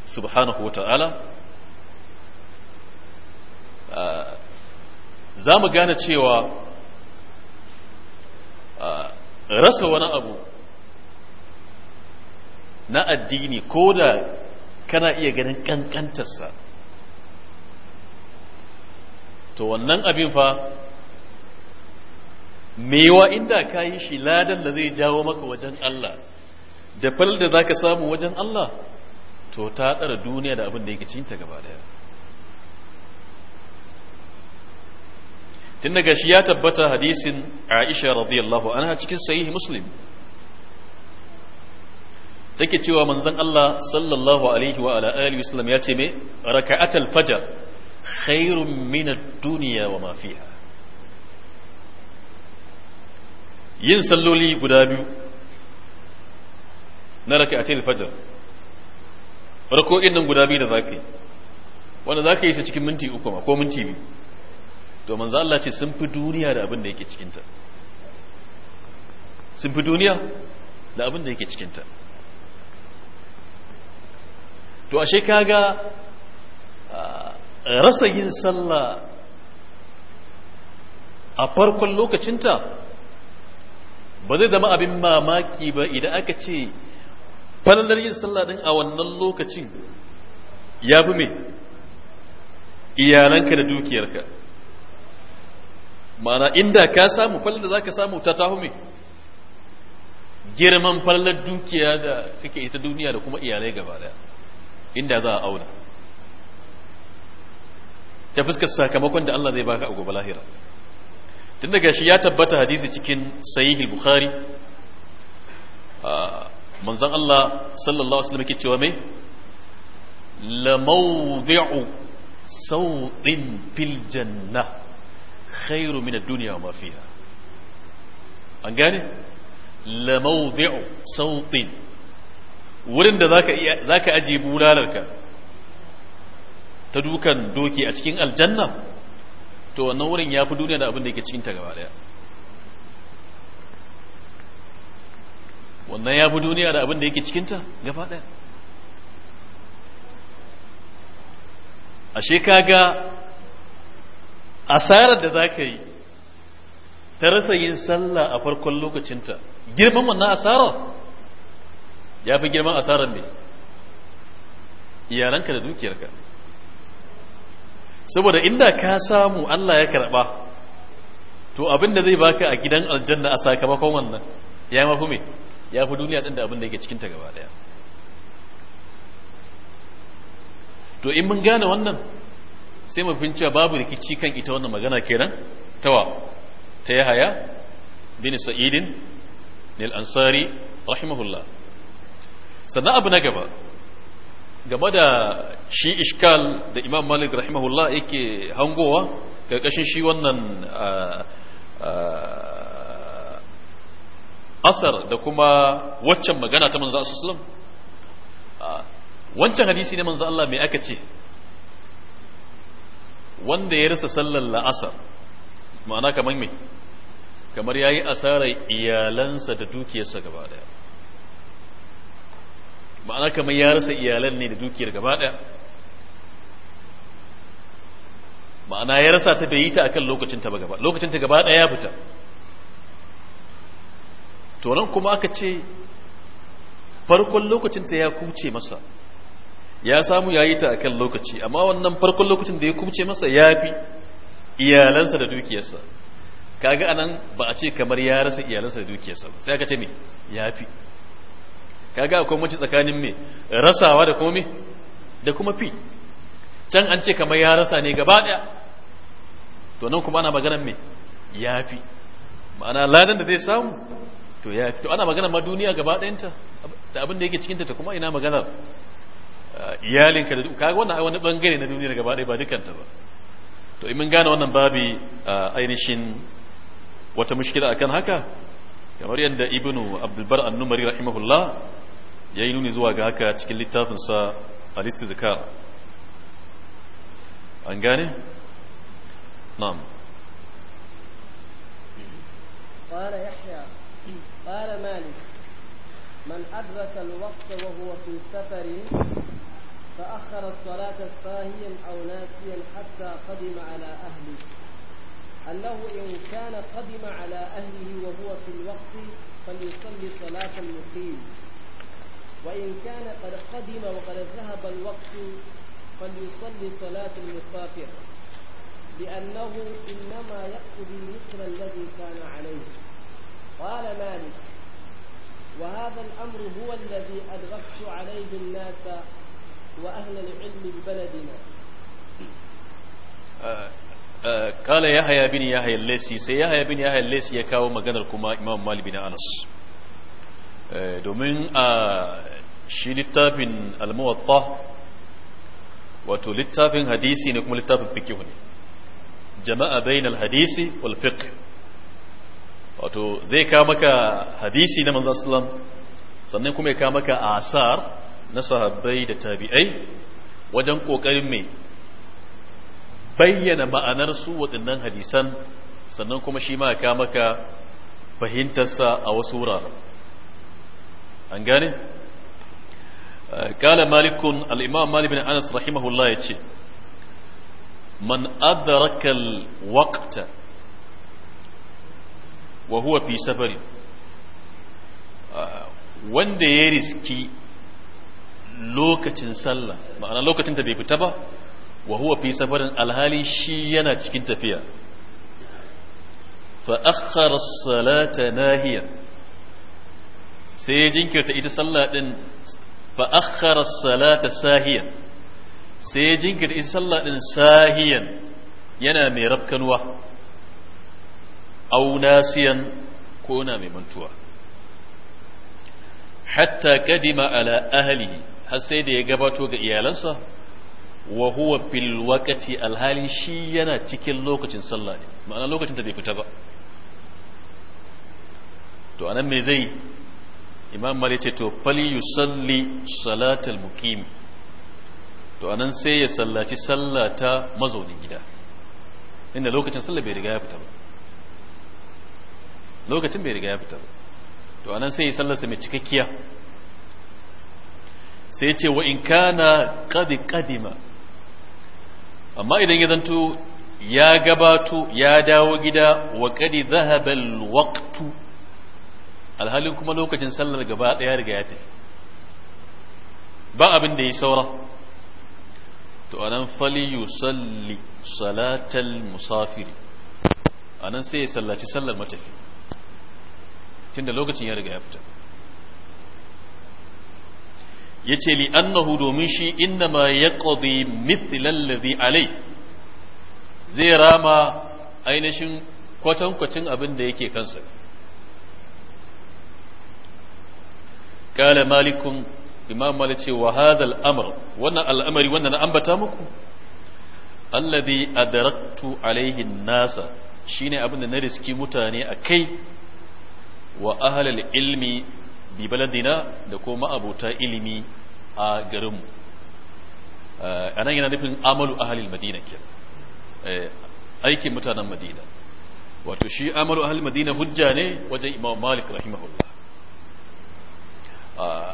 subhanahu wa ta'ala za mu gane cewa rasa wani abu na addini ko da kana iya ganin ƙanƙantarsa. to wannan abin fa mewa inda ka yi shi ladan da zai jawo maka wajen Allah da fal da za ka samu wajen Allah to ta tsara duniya da abin da yake cinta gaba daya tun daga shi ya tabbata hadisin aisha radiyallahu anha cikin sahih muslim take cewa manzon Allah sallallahu alaihi wa ala alihi wasallam ya ce me raka'atul fajr khairun min ad-dunya wa ma fiha yin salloli guda biyu na raka'atul fajr farko nan guda biyu da zaka yi wanda zaka yi shi cikin minti uku ko minti biyu to manzo Allah ce sun fi duniya da abin da yake cikinta sun fi duniya da abin da yake cikinta to ashe kaga ah, rasa yin sallah a farkon lokacinta ba zai zama abin mamaki ba idan aka ce falalar yin sallah din a wannan lokacin ya fi mai iyalanka da dukiyarka mana inda ka samu fallar da za ka samu ta taho girman fallar dukiya da take ita duniya da kuma iyalai gaba daya inda za a auna ta fuskar sakamakon da Allah zai baka a gobe lahira tun daga shi ya tabbata hadisi cikin sahihul bukhari manzon Allah sallallahu alaihi wasallam yake cewa mai la mawdi'u fil jannah khairu min ad-dunya wa ma fiha an gane la mawdi'u sawtin wurin da zaka iya zaka aje bulalarka ta dukan doki a cikin aljanna to wannan wurin ya fi duniya da abin da yake cikin ta gaba daya wannan yafi duniya da abin da yake cikin ta gaba daya ashe kaga asarar da za ka yi ta rasa yin sallah a farkon lokacinta girman wannan asarar ya fi girman asarar ne iyalanka da dukiyarka saboda inda ka samu Allah ya karɓa to abin da zai baka a gidan aljanna a sakamakon wannan ya mafi me ya fi duniya ɗin da abin da yake cikinta gaba ɗaya to in mun gane wannan sai mu cewa babu rikici kan ita wannan magana kenan tawa ta yahaya bin sa'idin nil ansari rahimahullah sannan abu na gaba game da shi ishkal da imam malik rahimahullah yake hangowa karkashin shi wannan asar da kuma waccan magana ta manzo sallallahu alaihi wasallam wancan hadisi ne manzo Allah mai aka ce wanda ya rasa sallar la'asar ma'ana kamar me kamar ya yi asarar iyalansa da dukiyarsa gaba daya ma'ana kamar ya rasa iyalan ne da dukiyar gaba daya ma'ana ya rasa ta bai yi ta akan lokacinta ba gaba lokacinta gaba daya ya fita to nan kuma aka ce farkon lokacinta ya kuce masa ya samu ya yi ta a kan lokaci amma wannan farkon lokacin da ya kubce masa ya fi iyalansa da dukiyarsa kaga anan ba a ce kamar ya rasa iyalansa da dukiyarsa sai aka ce me fi kaga akwai mace tsakanin me rasawa da kuma me da kuma fi can an ce kamar ya rasa ne gaba daya to nan kuma ana maganar me fi ma'ana ladan da zai samu to ya fi, to ana maganar ma duniya gaba dayanta da abin da yake cikinta ta kuma ina maganar. Eh, iyalinka da kaga wannan ai wani bangare na duniya gaba ɗaya ba dukanta ba to in mun gane wannan babi eh, ainihin wata mushkila akan haka kamar yadda ibnu abdulbar annumari rahimahullah ya yi nuni zuwa ga haka cikin littafinsa sa istizkar an gane na'am قال يحيى قال مالك من أدرك الوقت وهو في سفر فأخر الصلاة ساهيا أو ناسيا حتى قدم على أهله أنه إن كان قدم على أهله وهو في الوقت فليصلي صلاة المقيم وإن كان قد قدم وقد ذهب الوقت فليصلي صلاة المسافر لأنه إنما يقضي مثل الذي كان عليه قال مالك وهذا الأمر هو الذي أدغفت عليه الناس وأهل العلم ببلدنا آه، آه، قال يا يحيى بن يحيى الليسي سي يا سيحيى بن يحيى الليسي يكاو مغنى الكما إمام مالي بن أنس آه، دومين شيلتا بن الموطة وتو بن هديسي نكم بن فكيوني جماعة بين الهديسي والفقه wato zai kawo maka hadisi na Manza sallam sannan kuma ya ka maka asar na sahabbai da tabi'ai wajen kokarin mai bayyana ma'anar su waɗannan hadisan sannan kuma shi ma ya kawo maka fahimtarsa a wasu wuraren an gane قال مالك الإمام مالك بن أنس رحمه الله يتشي من أدرك الوقت wa huwa fi safarin ah, wanda ya riski lokacin sallah ma'ana lokacin ta bai fita ba wa huwa fi safarin alhali shi yana cikin tafiya fa akhara salata nahiyan sai ya jinkirta ita sallah din fa akhara salata sahiyan sai ya jinkirta ita sallah din sahiyan yana mai rafkanwa au nasiyan ko na mai mantuwa hatta kadima ala ahlihi har sai da ya gabato ga iyalansa wa huwa fil waqti alhali shi yana cikin lokacin sallah ma'ana lokacin da bai fita ba to anan me zai imam mali ce to fali yusalli salatal muqim to anan sai ya sallaci sallata mazaunin gida inda lokacin sallah bai riga ya fita ba lokacin bai riga ya fita to anan sai ya sallarsa mai cikakkiya sai ce wa in kana qad qadima amma idan ya zanto ya gabato ya dawo gida wa kadi dhahaba waqtu alhalin kuma lokacin sallar gaba daya riga ya tafi ba abin da ya saura to anan fali yusalli salatal musafiri anan sai ya sallaci sallar matafi tunda lokacin ya riga ya fita ya ce li annahu domin shi inda ma ya ƙobi mithilallazi alai zai rama ainihin kwatankwacin abin da yake kansa kala malikun imam malik ce wa hadal amr wannan al'amari wannan na ambata muku alladhi adaraktu alaihi nasa shine abin da na riski mutane a kai wa ahlal ilmi bi baladina da kuma abota ilimi a garinmu eh, a nan yana nufin amalu ahalil madina ke eh, aikin mutanen madina wato shi amalu ahalil madina hujja ne wajen imam malik rahimahullah eh,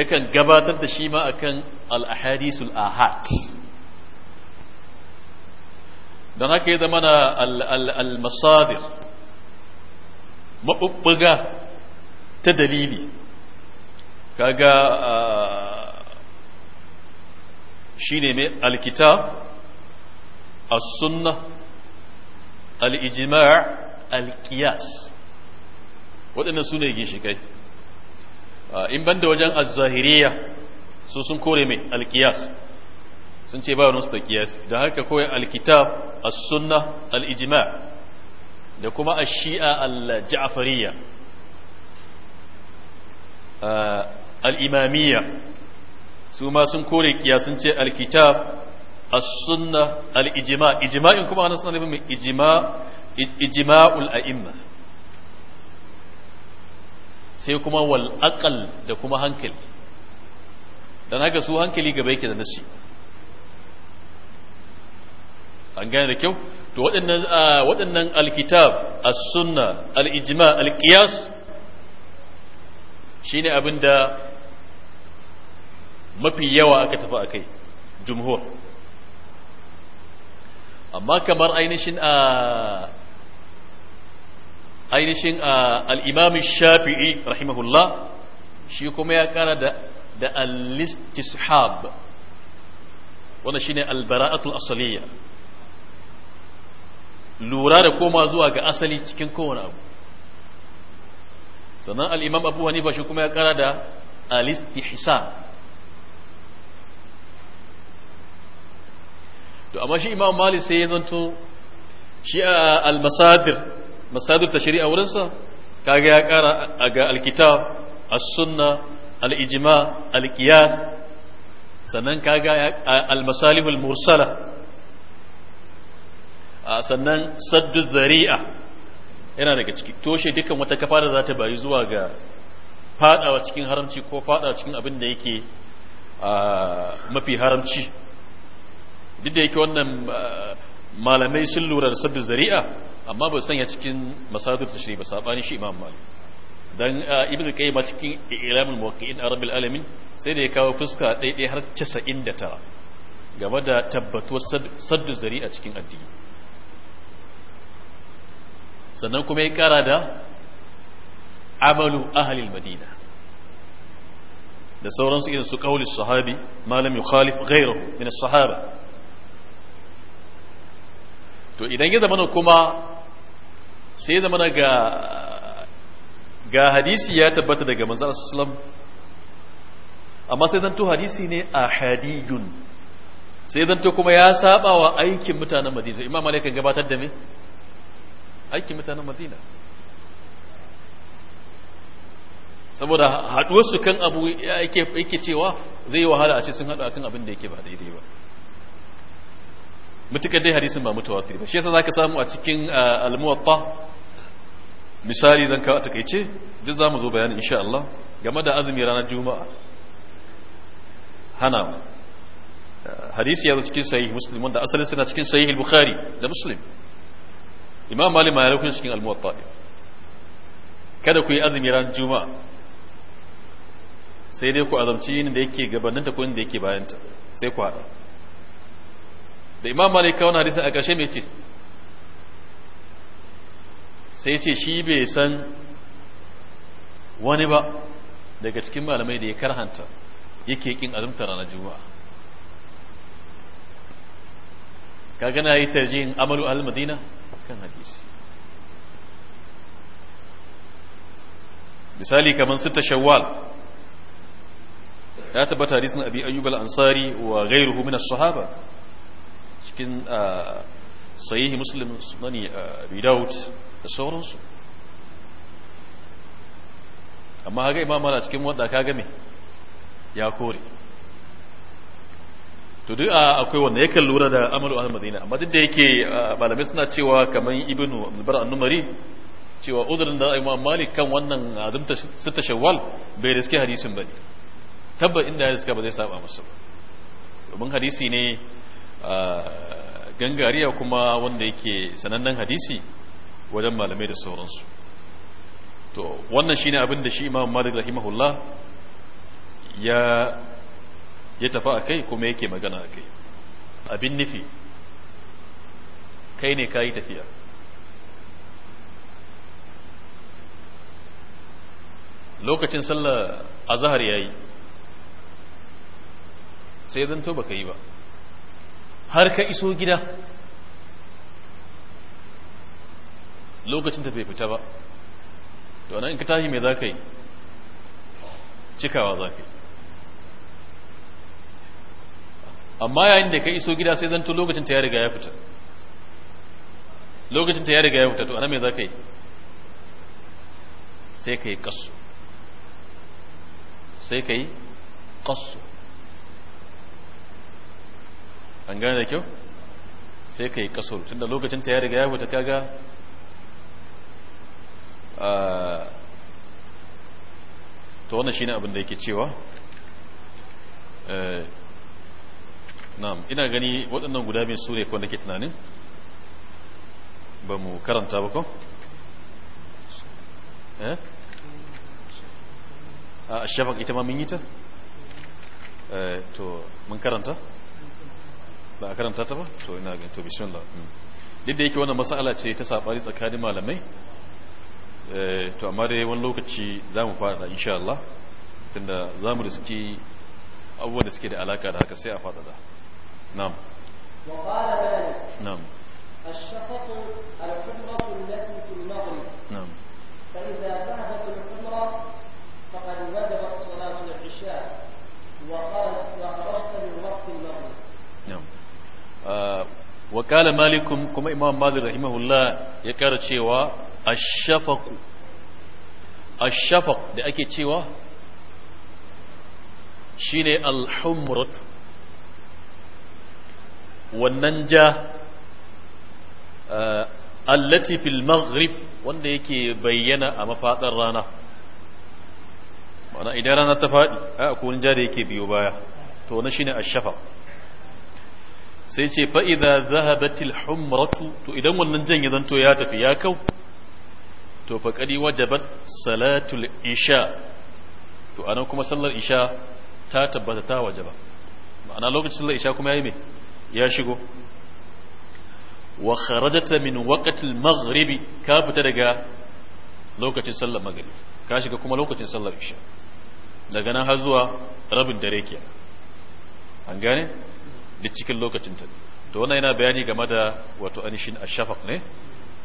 yakan gabatar da shi ma akan al-ahadisul ahad don haka ya zama na al-masadir maɓuɓɓuga ta dalili kaga shine mai alkitab as-sunna al-ijma' al waɗannan su ne ginshikai in banda wajen az-zahiriyya su sun kore mai al sun ce ba wani su da qiyas da haka koyi alkitab as-sunna al-ijma' da kuma a shia al jaafariya al-imamiyya su ma sun kore kiya sun ce al-kitab as-sunna al Ijima ijma'in kuma ana sanar mai ijma' ijma'ul a'imma sai kuma wal aqal da kuma hankali dan haka su hankali gaba yake da nasi an gane da kyau to waɗannan alkitab as-sunna al-ijma al-qiyas shine abinda mafi yawa aka tafi akai jumhur amma kamar ainihin a ainihin al-imam shafi'i rahimahullah shi kuma ya kara da da al-istishab wannan shine al-bara'atul asaliyya lura da koma zuwa ga asali cikin kowane abu sannan al'imam abu wani shi kuma ya kara da alisti hisa. to amma shi imam mali sai ya zanto shi a al-masadir masadir ta shari'a wurinsa kaga ya kara a ga alkitab as-sunna al-ijma al sannan kaga al-masalihul mursala sannan saddu zari'a yana daga ciki toshe dukkan wata kafa da za ta bayi zuwa ga fadawa cikin haramci ko fadawa cikin abin da yake mafi haramci duk da yake wannan malamai sun lura da saddu zari'a amma ba sanya cikin masadur tashri ba sabani shi imam malik dan ibnu qayyim cikin ilamul muwaqqi'in arabil alamin sai da ya kawo fuska ɗaya har 99 game da tabbatuwar saddu zari'a cikin addini sannan kuma ya kara da amalu ahalil madina da sauransu irin su kauli sahabi malam khalif ghayrahu min sahaba to idan ya zamana kuma sai ya zamana ga ga hadisi ya tabbata daga manzon sallallahu amma sai zanto hadisi ne a hadiyun. sai zanto kuma ya saba wa aikin mutanen madina imam malik kan gabatar da me aikin mutanen madina saboda haɗuwarsu kan abu yake cewa zai yi wahala a ce sun haɗu akan abin da yake ba daidai ba mutukar dai hadisin ba mutawatir ba shi yasa zaka samu a cikin almuwatta misali zan kawo a takaice duk mu zo bayanin insha Allah game da azumi ranar juma'a hana hadisi ya zo cikin sahih muslim wanda asalin suna cikin sahih bukhari da muslim imam malik ma ya rukun cikin almuwatta kada ku yi azumi ran juma'a sai dai ku azamci yin da yake gabaninta ko da yake bayanta sai ku haɗa da imam malik kawo na hadisin a ƙarshe mai ce sai ce shi bai san wani ba daga cikin malamai da ya karhanta yake kin azumta ranar juma'a ka gana yi tarjihin amalu al-madina kan hadisi misali kamar sita shawwal ya tabbata hadisin abi ayyub al-ansari wa ghayruhu min as-sahaba cikin sahih muslim sunani abi daud da sauransu amma haka imam mala cikin wanda ka game ya kore to duk ah, akwai wanda yakan lura da amalu ahal madina amma duk da yake ah, malamai suna cewa kamar ibnu albar annumari cewa udurin da imam malik kan wannan azumta sita shawwal bai riske hadisin bane tabba inda ya riska ba zai saba musu domin hadisi ne ah, gangariya kuma wanda yake sanannen hadisi wajen malamai da sauransu to wannan shine abin da shi imam malik rahimahullah ya ya tafi a kai kuma yake magana a kai abin nufi kai ne ka yi tafiya lokacin sallar azahar ya yi sai zanto ba ka yi ba har ka iso gida lokacin ta fita ba to nan in ka tashi mai za ka yi cikawa za ka yi amma yayin da ka iso gida sai zanto lokacin ta ya riga ya fita lokacin ta ya riga ya fita to ana me za ka yi sai ka yi kasu sai ka yi kasu an gane da kyau sai ka yi kasur tunda lokacin ta ya riga ya fita kaga to wannan shine abin da yake cewa eh, na'am ina gani waɗannan guda biyu su ne ko nake tunanin ba mu karanta ba ko eh a shafaq ita ma mun yi ta eh to mun karanta ba a karanta ta ba to ina gani to bismillah hmm. duk da yake wannan mas'ala ce ta sabari tsakanin malamai eh, to amma dai wani lokaci za mu faɗa insha Allah tunda za mu da abubuwan da suke da alaka da haka sai a da. نعم وقال مالك نعم الشفق الحمرة التي في المغرب نعم فإذا ذهبت الحمرة فقد وجبت صلاة العشاء وقال وخرجت من وقت المغرب نعم آه، وقال مالك كما إمام مالك رحمه الله يكار شيوا الشفق الشفق da ake cewa shine al wannan ja eh, allati fil maghrib wanda yake bayyana a mafadar rana ma'ana idan rana ta faɗi a akwai ja da yake biyo baya to na shine ashafa sai ce fa'iza zahabatil humratu to idan wannan jan ya zanto ya tafi ya kau to faƙari wajabat salatul isha to anan kuma sallar isha ta tabbata ta wajaba ma'ana lokacin sallar isha kuma ya yi mai ya shigo wa kharajata min waqtil maghribi ka fita daga lokacin sallar maghrib ka shiga kuma lokacin sallar isha daga nan har zuwa rabin dare kenan an gane duk cikin lokacin ta to wannan yana bayani game da wato anishin ashafaq ne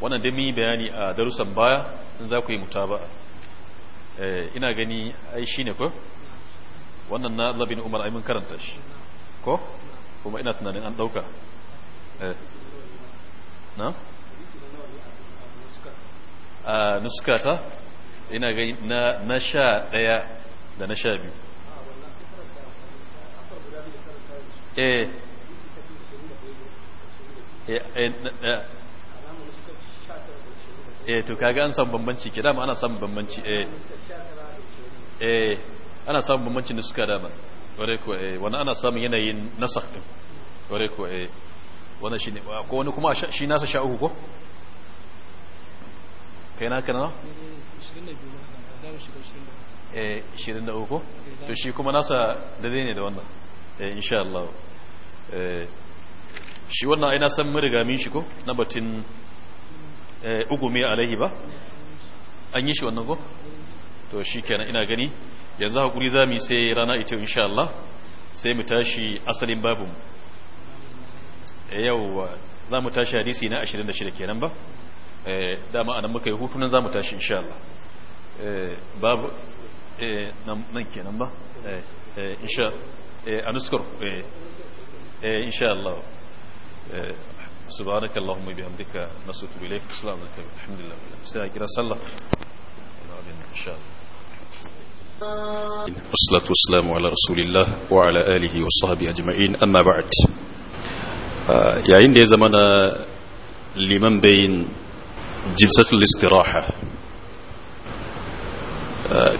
wannan da mun bayani a darussan baya in za ku yi mutaba'a eh, ina gani ai shine ko wannan na labin umar ai mun karanta shi ko kuma ina tunanin an ɗauka eh. na? a ah, nuskata ina gani na sha ɗaya da na sha biyu eh, eh, eh to kaga an san bambanci ke dama ana samun bambanci eh eh ana samun bambanci nuska dama kware ko eh wani ana samun yanayin nasakh din kware ko eh wannan shine ko wani kuma shi nasa sha uku ko kai na kana 22 eh 23 ko to shi kuma nasa da zai ne da wannan eh insha Allah eh shi wannan ai na san mun riga min shi ko na batin eh ugumi alaihi ba an yi shi wannan ko to shi kenan ina gani yanzu hakuri za mu sai rana ita insha Allah sai mu tashi asalin babun yau za mu tashi hadisi na 26 kenan ba dama anan muka yi hutunan za mu tashi insha Allah babu nan kenan ba insha anuskar insha Allah سبحانك اللهم وبحمدك نصرت إليك السلام عليكم الحمد لله سأجرى صلى الله إن شاء الله والصلاة والسلام على رسول الله وعلى آله وصحبه أجمعين أما بعد yayin da ya zama na liman bayin jilsatul istiraha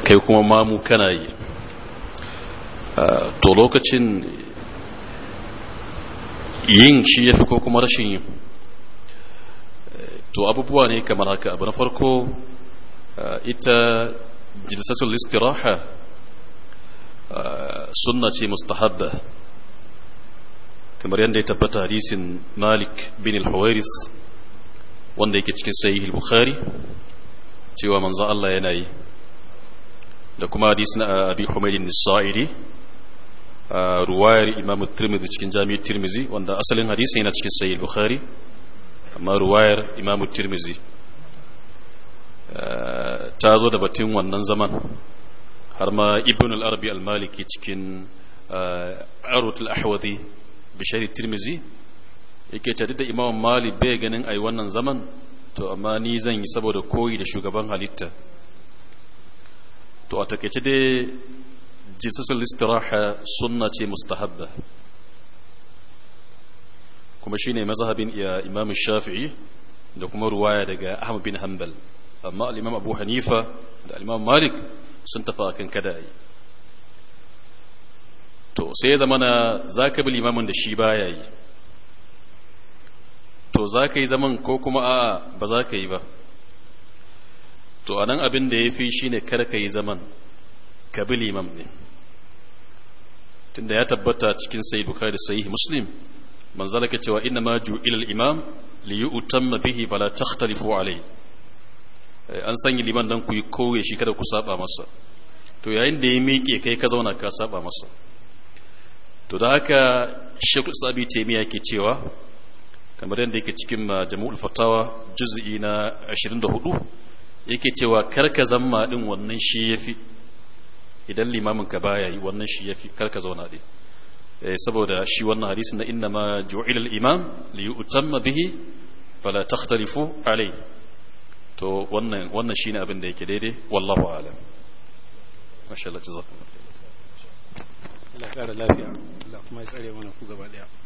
kai kuma mamu kana yi to lokacin yin shi ya fi ko kuma rashin yi to abubuwa ne kamar haka abu na farko ita جلسة الاستراحة سنة مستحبة kamar yadda ya tabbata hadisin malik bin al-huwairis wanda yake cikin sayi al-bukhari cewa manzo Allah yana yi da kuma hadisin abi humaydin nisa'iri ruwayar imam tirmidhi cikin jami'ar tirmidhi wanda asalin hadisin yana cikin sayi al-bukhari amma ruwayar imam tirmidhi Eh, ta zo da batun wannan zaman har ma ibn al-arabi al-maliki cikin eh, al ahwadi bishari tirmizi yake tare da imam mali bai ganin ai wannan zaman to amma ni zan yi saboda koyi da shugaban halitta to a takaice dai jisasul istiraha sunna ce mustahabba kuma shine mazhabin ya imam shafi'i da kuma ruwaya daga ahmad bin hanbal amma al'imam abu hanifa da al'imam malik sun tafi akan kada yi to sai zama na za ka bi limamin da shi baya yi to za ka yi zaman ko kuma a'a ba za ka yi ba to nan abin da ya fi shi ne kar ka yi zaman ka bi limam ne tunda ya tabbata cikin sai bukari sai muslim manzala ka cewa inna ma ilal imam li yu'tamma bihi fala takhtalifu alayhi Eh, an sanya liman dan ku yi koye shi kada ku saba masa to yayin da ya miƙe kai ka zauna ka saba masa to da haka shekul sabi taimiya ke cewa kamar yadda yake cikin uh, jama'ul fatawa juz'i na 24 yake cewa karka zamma din wannan shi yafi idan limamin ka baya yi wannan shi yafi karka zauna din eh, saboda shi wannan hadisin na inna ma ju'ilal imam li yu'tamma bihi fala takhtalifu alayhi to wannan wannan shine abin da yake daidai wallahu alam masha Allah Allah ya kara lafiya Allah kuma ya tsare mana ku gaba daya